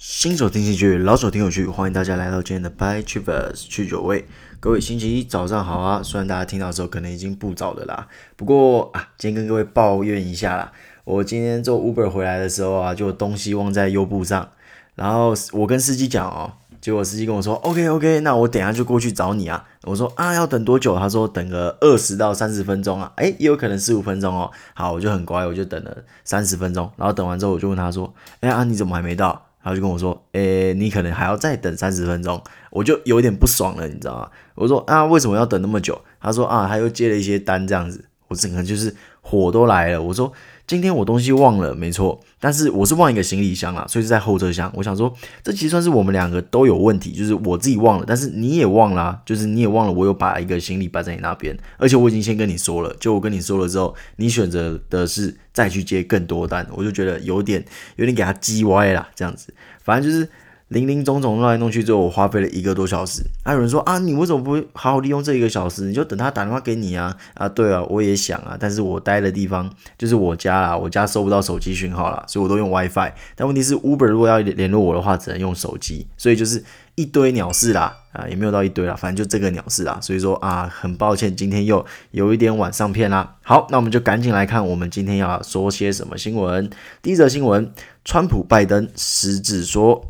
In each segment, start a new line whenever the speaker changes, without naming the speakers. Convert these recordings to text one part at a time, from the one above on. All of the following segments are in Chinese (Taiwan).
新手聽進去，老手聽有趣，歡迎大家來到今天的 By Travers 去酒位。各位星期一早上好啊！雖然大家聽到的時候可能已經不早的啦，不過啊，今天跟各位抱怨一下啦。我今天坐 Uber 回來的時候啊，就東西忘在優步上。然後我跟司機講哦，結果司機跟我說 OK OK，那我等一下就過去找你啊。我說啊，要等多久？他說等個二十到三十分鐘啊，哎，也有可能四五分鐘哦。好，我就很乖，我就等了三十分鐘。然後等完之後，我就問他說，哎啊，你怎麼還沒到？他就跟我說：“哎、欸，你可能還要再等三十分鐘。”我就有點不爽了，你知道嗎？我說：“啊，為什麼要等那麼久？”他說：“啊，他又接了一些單，這樣子。”我整個就是火都來了。我說。今天我東西忘了，沒錯，但是我是忘一個行李箱了，所以是在後車廂。我想說，這其實算是我們兩個都有問題，就是我自己忘了，但是你也忘了啊，就是你也忘了我有把一個行李擺在你那邊，而且我已經先跟你說了，就我跟你說了之後，你選擇的是再去接更多單，我就覺得有點有點給他嘰歪啦。這樣子，反正就是。零零總總弄來弄去最後，我花費了一個多小時。還、啊、有人說啊，你為什麼不好好利用這一個小時？你就等他打電話給你啊！啊，對啊，我也想啊，但是我待的地方就是我家啦，我家收不到手機訊號了，所以我都用 WiFi。但問題是，Uber 如果要聯絡我的話，只能用手機，所以就是一堆鳥事啦！啊，也沒有到一堆啦，反正就這個鳥事啦。所以說啊，很抱歉，今天又有一點晚上片啦。好，那我們就趕緊來看我們今天要說些什麼新聞。第一則新聞：川普拜登失智說。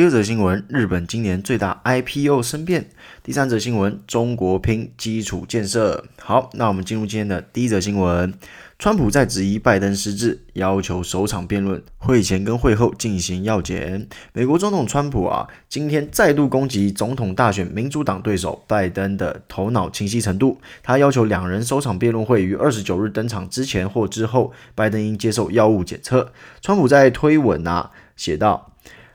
第二則新聞：日本今年最大 IPO 生變。第三則新聞：中國拼基礎建設。好，那我們進入今天的第一則新聞。川普在質疑拜登失智，要求首場辯論會前跟會後進行藥檢。美國總統川普啊，今天再度攻擊總統大選民主黨對手拜登的頭腦清晰程度。他要求兩人首場辯論會於二十九日登場之前或之後，拜登應接受藥物檢測。川普在推文啊寫道。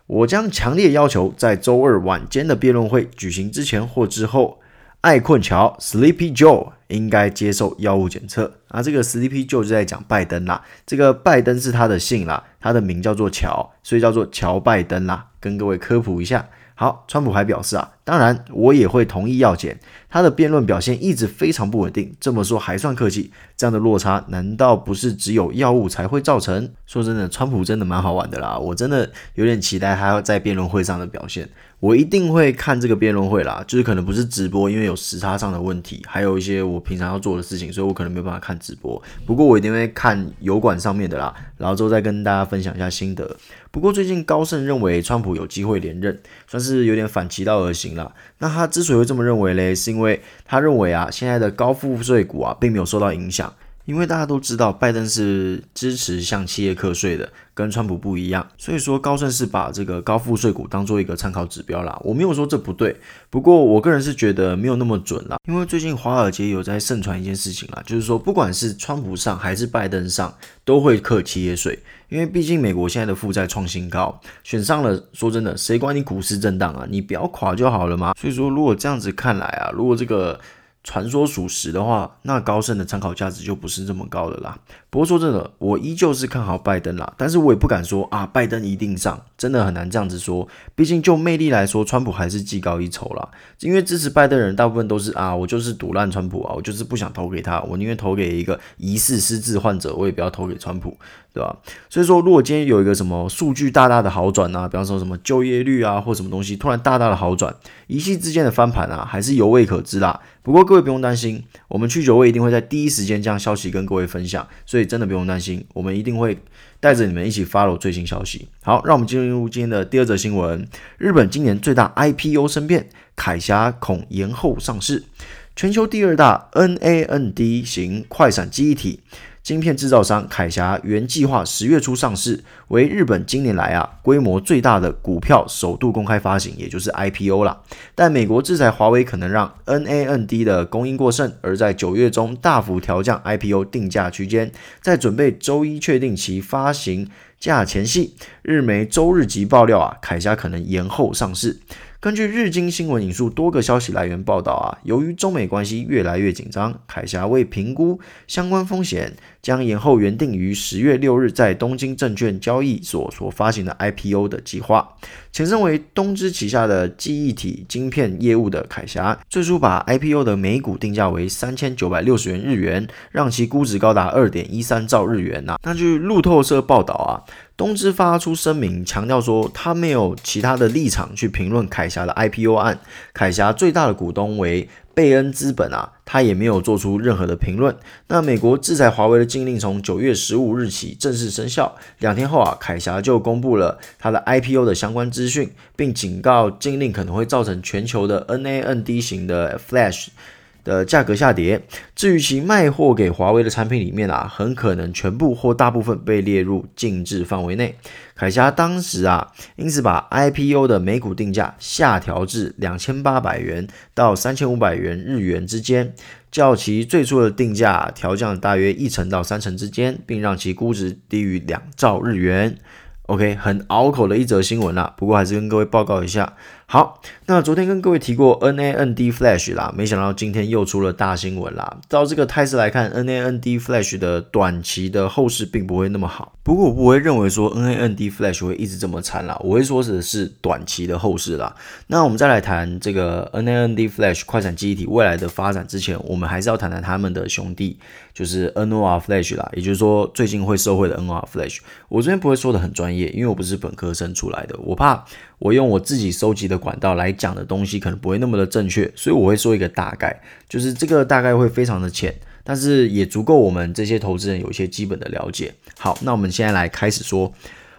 我將強烈要求，在周二晚間的辯論會舉行之前或之後，愛睏喬 （Sleepy Joe） 應該接受藥物檢測。啊，這個 Sleepy Joe 就在講拜登啦、啊，這個拜登是他的姓啦、啊，他的名叫做喬，所以叫做喬拜登啦、啊。跟各位科普一下。好，川普還表示啊。當然，我也會同意藥檢。他的辯論表現一直非常不穩定，這麼說還算客氣。這樣的落差難道不是只有藥物才會造成？說真的，川普真的蠻好玩的啦，我真的有點期待他要在辯論會上的表現。我一定會看這個辯論會啦，就是可能不是直播，因為有時差上的問題，還有一些我平常要做的事情，所以我可能沒有辦法看直播。不過我一定會看油管上面的啦，然後之後再跟大家分享一下心得。不過最近高盛認為川普有機會連任，算是有點反其道而行。那他之所以會這麼認為嘞，是因為他認為啊，現在的高賦稅股啊並沒有受到影響，因為大家都知道拜登是支持向企業課稅的，跟川普不一樣，所以說高盛是把這個高賦稅股當做一個參考指標啦。我沒有說這不對，不過我個人是覺得沒有那麼準啦，因為最近華爾街有在盛傳一件事情啦，就是說不管是川普上還是拜登上，都會課企業稅。因為畢竟美國現在的負債創新高，選上了，說真的，誰管你股市震蕩啊？你不要垮就好了嘛。所以說，如果這樣子看來啊，如果這個傳說屬實的話，那高盛的參考價值就不是這麼高的啦。不過說真的，我依舊是看好拜登啦，但是我也不敢說啊，拜登一定上，真的很難這樣子說。畢竟就魅力來說，川普還是技高一籌啦。因為支持拜登的人大部分都是啊，我就是賭爛川普啊，我就是不想投給他，我寧願投給一個疑似失智患者，我也不要投給川普，對吧？所以說，如果今天有一個什麼數據大大的好轉吶，啊，比方說什麼就業率啊或什麼東西突然大大的好轉，一夕之間的翻盤啊，還是猶未可知啦。不過各位不用擔心，我們去九位一定會在第一時間將消息跟各位分享，所以。真的不用擔心，我們一定會帶着你們一起 follow 最新消息。好，讓我們進入今天的第二則新聞：日本今年最大 IPO 生變，鎧俠恐延後上市，全球第二大 N A N D 型快閃記憶體。晶片製造商鎧俠原計劃十月初上市，為日本今年來啊規模最大的股票首度公開發行，也就是 IPO 啦。但美國制裁華為可能讓 NAND 的供應過剩，而在九月中大幅調降 IPO 定價區間，在準備週一確定其發行價前夕。日媒週日即爆料啊，鎧俠可能延後上市。根據日經新聞引述多個消息來源報道啊，由於中美關係越來越緊張，鎧俠為評估相關風險，將延後原定於十月六日在東京證券交易所所發行的 IPO 的計劃。前身為東芝旗下的記憶體晶片業務的鎧俠最初把 IPO 的每股定價為三千九百六十元日元，讓其估值高達二點一三兆日元吶啊。那據路透社報道啊，東芝發出聲明，強調說他沒有其他的立場去評論鎧俠的 IPO 案。鎧俠最大的股東為。貝恩資本啊，他也沒有做出任何的評論。那美國制裁華為的禁令從九月十五日起正式生效，兩天後啊，鎧俠就公布了他的 IPO 的相關資訊，並警告禁令可能會造成全球的 NAND 型的 Flash。的價格下跌。至於其賣貨給華為的產品裡面啊，很可能全部或大部分被列入禁制範圍內。鎧俠當時啊，因此把 IPO 的每股定價下調至兩千八百元到三千五百元日元之間，較其最初的定價調降大約一成到三成之間，並讓其估值低於兩兆日元。OK，很拗口的一則新聞啊，不過還是跟各位報告一下。好，那昨天跟各位提過 NAND Flash 啦，沒想到今天又出了大新聞啦。照這個態勢來看，NAND Flash 的短期的後市並不會那麼好。不過我不會認為說 NAND Flash 會一直這麼慘啦，我會說的是短期的後市啦。那我們再來談這個 NAND Flash 快閃記憶體未來的發展之前，我們還是要談談他們的兄弟，就是 NOR Flash 啦，也就是說最近會受惠的 NOR Flash。我這邊不會說的很專業，因為我不是本科生出來的，我怕我用我自己收集的。管道來講的東西可能不會那麼的正確，所以我會說一個大概，就是這個大概會非常的淺，但是也足夠我們這些投資人有一些基本的了解。好，那我們現在來開始說。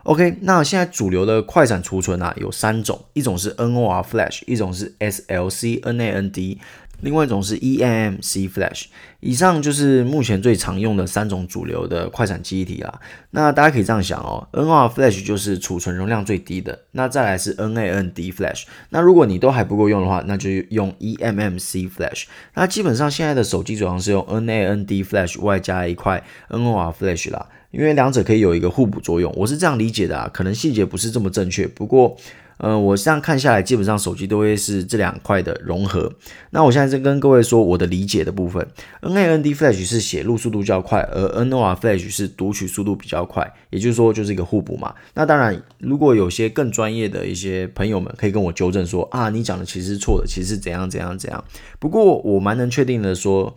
OK，那現在主流的快閃儲存啊，有三種，一種是 NOR Flash，一種是 SLC NAND。另外一種是 EMMC Flash，以上就是目前最常用的三種主流的快閃記憶體啦。那大家可以這樣想哦，NOR Flash 就是儲存容量最低的，那再來是 NAND Flash。那如果你都還不夠用的話，那就用 EMMC Flash。那基本上現在的手機主要是用 NAND Flash 外加一塊 NOR Flash 啦，因為兩者可以有一個互補作用。我是這樣理解的啊，可能細節不是這麼正確，不過。呃，我這樣看下來，基本上手機都會是這兩塊的融合。那我現在就跟各位說我的理解的部分。NAND Flash 是寫入速度比較快，而 NOR Flash 是讀取速度比較快，也就是說就是一個互補嘛。那當然，如果有些更專業的一些朋友們可以跟我糾正說啊，你講的其實是錯的，其實是怎樣怎樣怎樣。不過我蠻能確定的說，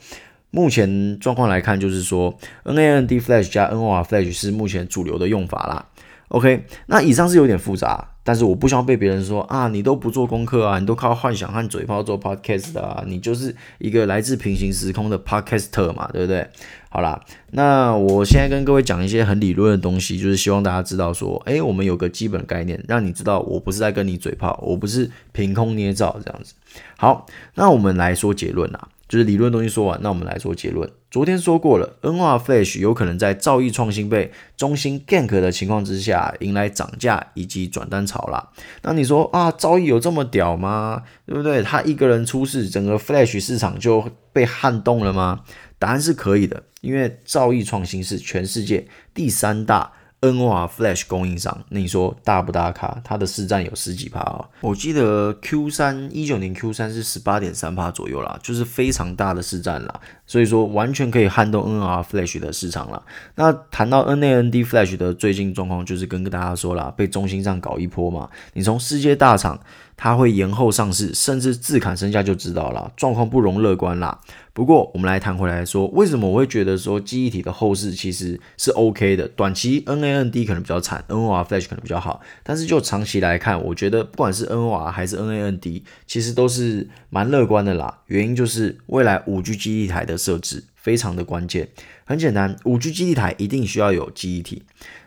目前狀況來看就是說 NAND Flash 加 NOR Flash 是目前主流的用法啦。OK，那以上是有點複雜，但是我不希望被別人說啊，你都不做功課啊，你都靠幻想和嘴炮做 Podcast 啊，你就是一個來自平行時空的 Podcaster 嘛，對不對？好啦，那我現在跟各位講一些很理論的東西，就是希望大家知道說，哎、欸，我們有個基本概念，讓你知道我不是在跟你嘴炮，我不是憑空捏造這樣子。好，那我們來說結論啦。就是理論東西說完，那我們來做結論。昨天說過了，NOR Flash 有可能在兆易創新被中芯 Gank 的情況之下，迎來漲價以及轉單潮啦。那你說啊，兆易有這麼屌嗎？對不對？他一個人出事，整個 Flash 市場就被撼動了嗎？答案是可以的，因為兆易創新是全世界第三大。NOR Flash 供應商，那你說大不大咖？它的市占有十幾趴啊、哦！我記得 Q 三，一九年 Q 三是十八點三趴左右啦，就是非常大的市占啦。所以說，完全可以撼動 NOR Flash 的市場啦。那談到 NAND Flash 的最近狀況，就是跟大家說啦，被中心上搞一波嘛。你從世界大廠它會延後上市，甚至自砍身價，就知道啦。狀況不容樂觀啦。不過，我們來談回來說，為什麼我會覺得說記憶體的後市其實是 OK 的。短期 N A N D 可能比較慘，N O R Flash 可能比較好。但是就長期來看，我覺得不管是 N O R 還是 N A N D，其實都是蠻樂觀的啦。原因就是未來五 G 基地台的設置非常的關鍵。很簡單，五 G 基地台一定需要有記憶體。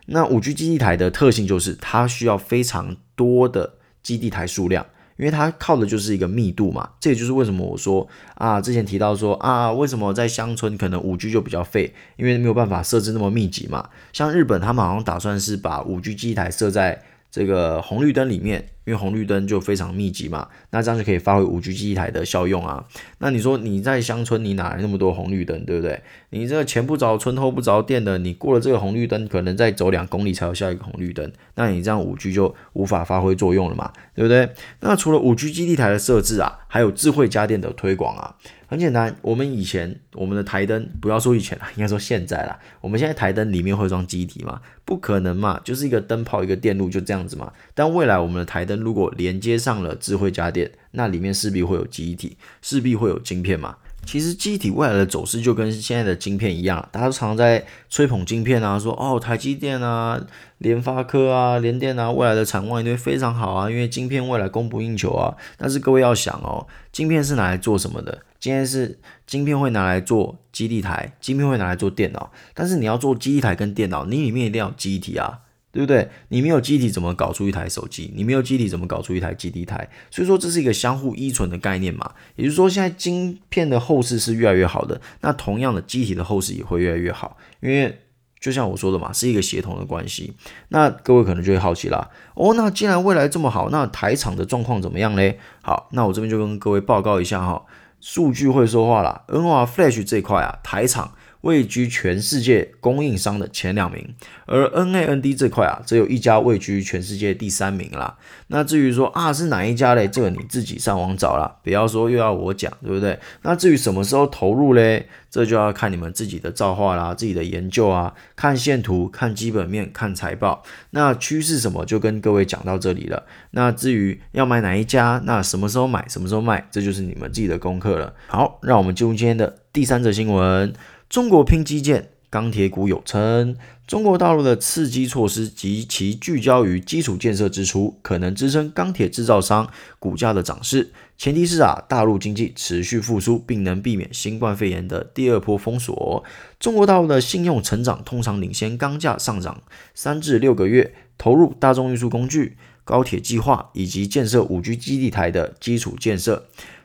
那五 G 基地台的特性就是它需要非常多的基地台數量。因為它靠的就是一個密度嘛，這也就是為什麼我說啊，之前提到說啊，為什麼在鄉村可能五 G 就比較廢，因為沒有辦法設置那麼密集嘛。像日本，他們好像打算是把五 G 基地台設在。這個紅綠燈裡面，因為紅綠燈就非常密集嘛，那這樣就可以發揮五 G 基地台的效用啊。那你說你在鄉村，你哪來那麼多紅綠燈，對不對？你這個前不着村後不着店的，你過了這個紅綠燈，可能再走兩公里才有下一個紅綠燈，那你這樣五 G 就無法發揮作用了嘛，對不對？那除了五 G 基地台的設置啊，還有智慧家電的推廣啊。很簡單，我們以前我們的台燈不要說以前了，應該說現在了。我們現在台燈裡面會裝記憶體嘛，不可能嘛，就是一個燈泡一個電路就這樣子嘛。但未來我們的台燈如果連接上了智慧家電，那裡面勢必會有記憶體，勢必會有晶片嘛。其實記憶體未來的走勢就跟現在的晶片一樣，大家都常在吹捧晶片啊，說哦台積電啊、聯發科啊、聯電啊，未來的產望一定非常好啊，因為晶片未來供不應求啊。但是各位要想哦，晶片是拿來做什麼的？今天是晶片會拿來做基地台，晶片會拿來做電腦。但是你要做基地台跟電腦，你裡面一定要有記憶體啊。對不對？你沒有機體怎麼搞出一台手機？你沒有機體怎麼搞出一台基地台？所以說這是一個相互依存的概念嘛。也就是說，現在晶片的後市是越來越好的，那同樣的機體的後市也會越來越好。因為就像我說的嘛，是一個協同的關係。那各位可能就會好奇啦：哦，那既然未來這麼好，那台廠的狀況怎麼樣呢？好，那我這邊就跟各位報告一下哈、哦，數據會說話啦 NOR、嗯啊、Flash 這塊啊，台廠位居全世界供應商的前兩名，而 NAND 這塊啊，只有一家位居全世界第三名啦。那至於說啊，是哪一家嘞？這個你自己上網找啦，不要說又要我講，對不對？那至於什麼時候投入嘞？這就要看你們自己的造化啦，自己的研究啊，看線圖，看基本面，看財報。那趨勢什麼，就跟各位講到這裡了。那至於要買哪一家，那什麼時候買，什麼時候賣，這就是你們自己的功課了。好，讓我們進入今天的第三則新聞。中國拼基建，鋼鐵股有稱。中國大陸的刺激措施及其聚焦於基礎建設支出，可能支撐鋼鐵製造商股價的漲勢。前提是啊，大陸經濟持續復甦，並能避免新冠肺炎的第二波封鎖。中國大陸的信用成長通常領先鋼價上漲三至六個月，投入大眾運輸工具、高鐵計劃以及建設五 G 基地台的基礎建設。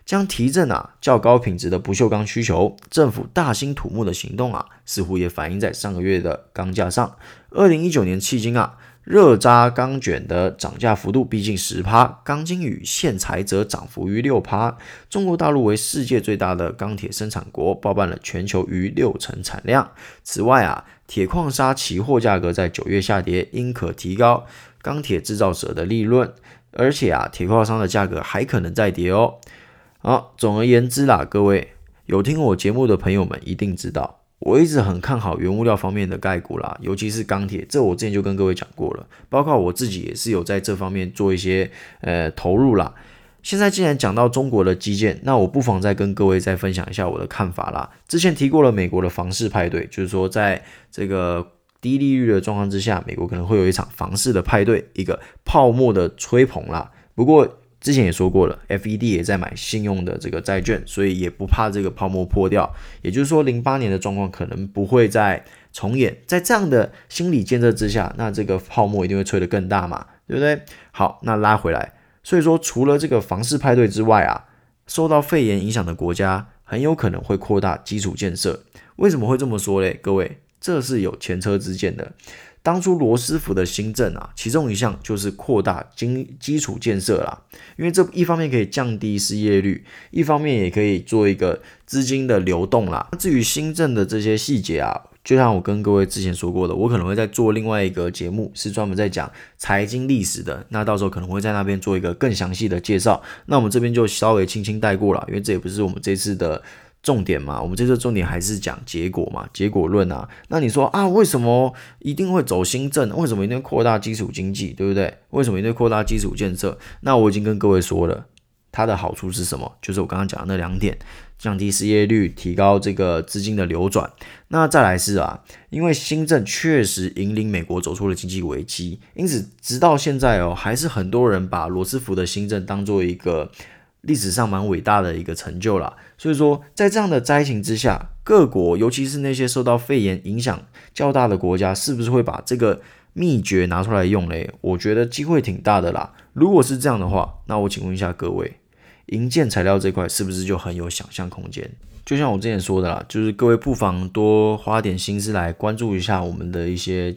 將提振啊較高品質的不鏽鋼需求。政府大興土木的行動啊，似乎也反映在上個月的鋼價上。二零一九年迄今啊，熱軋鋼捲的漲價幅度逼近十趴，鋼筋與線材則漲幅逾六趴。中國大陸為世界最大的鋼鐵生產國，包辦了全球逾六成產量。此外啊，鐵礦砂期貨價格在九月下跌，應可提高鋼鐵製造者的利潤。而且啊，鐵礦砂的價格還可能再跌哦。好，總而言之啦，各位有聽我節目的朋友們一定知道，我一直很看好原物料方面的概念股啦，尤其是鋼鐵，這我之前就跟各位講過了，包括我自己也是有在這方面做一些呃投入啦。現在既然講到中國的基建，那我不妨再跟各位再分享一下我的看法啦。之前提過了，美國的房市派對，就是說在這個低利率的狀況之下，美國可能會有一場房市的派對，一個泡沫的吹捧啦。不過，之前也說過了，FED 也在買信用的這個債券，所以也不怕這個泡沫破掉。也就是說，零八年的狀況可能不會再重演。在這樣的心理建設之下，那這個泡沫一定會吹得更大嘛，對不對？好，那拉回來。所以說，除了這個房市派對之外啊，受到肺炎影響的國家很有可能會擴大基礎建設。為什麼會這麼說嘞？各位。這是有前車之鑑的，當初羅斯福的新政啊，其中一項就是擴大經基礎建設啦，因為這一方面可以降低失業率，一方面也可以做一個資金的流動啦。至於新政的這些細節啊，就像我跟各位之前說過的，我可能會再做另外一個節目，是專門在講財經歷史的，那到時候可能會在那邊做一個更詳細的介紹。那我們這邊就稍微輕輕帶過了，因為這也不是我們這次的。重點嘛，我們這次重點還是講結果嘛，結果論啊。那你說啊，為什麼一定會走新政？為什麼一定擴大基礎經濟，對不對？為什麼一定擴大基礎建設？那我已經跟各位說了，它的好處是什麼？就是我剛剛講的那兩點：降低失業率，提高這個資金的流轉。那再來是啊，因為新政確實引領美國走出了經濟危機，因此直到現在哦，還是很多人把羅斯福的新政當做一個。歷史上蠻偉大的一個成就啦。所以說在這樣的災情之下，各國尤其是那些受到肺炎影響較大的國家，是不是會把這個秘訣拿出來用嘞？我覺得機會挺大的啦。如果是這樣的話，那我請問一下各位，營建材料這塊是不是就很有想象空間？就像我之前說的啦，就是各位不妨多花點心思來關注一下我們的一些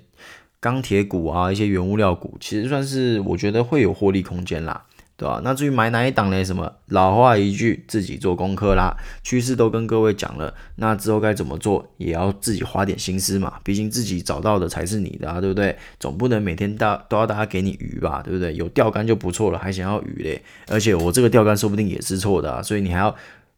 鋼鐵股啊，一些原物料股，其實算是我覺得會有獲利空間啦。對吧、啊？那至於買哪一檔嘞？什麼老話一句，自己做功課啦。趨勢都跟各位講了，那之後該怎麼做，也要自己花點心思嘛。畢竟自己找到的才是你的啊，對不對？總不能每天大都要大家給你魚吧，對不對？有釣竿就不錯了，還想要魚嘞？而且我這個釣竿說不定也是錯的、啊，所以你還要，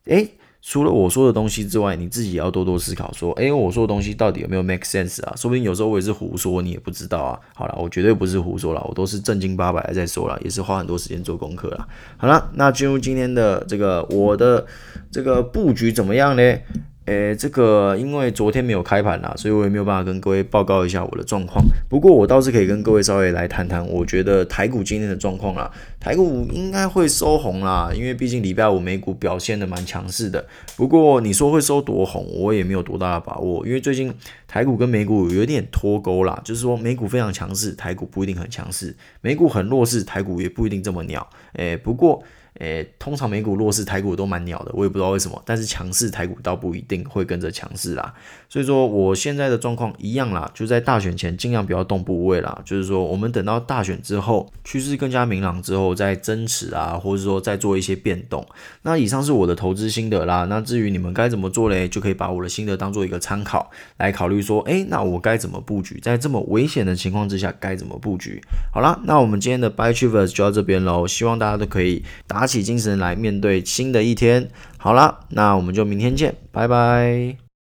哎、欸。除了我說的東西之外，你自己也要多多思考，說，哎，我說的東西到底有沒有 make sense 啊？說不定有時候我也是胡說，你也不知道啊。好了，我絕對不是胡說了，我都是正經八百的在說了，也是花很多時間做功課了。好了，那進入今天的這個我的這個布局怎麼樣呢？哎，這個因為昨天沒有開盤啦，所以我也沒有辦法跟各位報告一下我的狀況。不過我倒是可以跟各位稍微來談談，我覺得台股今天的狀況啦，台股應該會收紅啦，因為畢竟禮拜五美股表現得蠻強勢的。不過你說會收多紅，我也沒有多大的把握，因為最近台股跟美股有點脫鈎啦，就是說美股非常強勢，台股不一定很強勢；美股很弱勢，台股也不一定這麼鳥。哎，不過。誒，通常美股弱勢，台股都蠻鳥的，我也不知道為什麼。但是強勢台股倒不一定會跟着強勢啦。所以說我現在的狀況一樣啦，就在大選前盡量不要動部位啦。就是說，我們等到大選之後，趨勢更加明朗之後，再增持啊，或者說再做一些變動。那以上是我的投資心得啦。那至於你們該怎麼做嘞，就可以把我的心得當做一個參考來考慮說，誒，那我該怎麼布局？在這麼危險的情況之下，該怎麼布局？好啦，那我們今天的 Buy Travers 就到這邊嘍。希望大家都可以答打起精神來面對新的一天。好了，那我們就明天見，拜拜。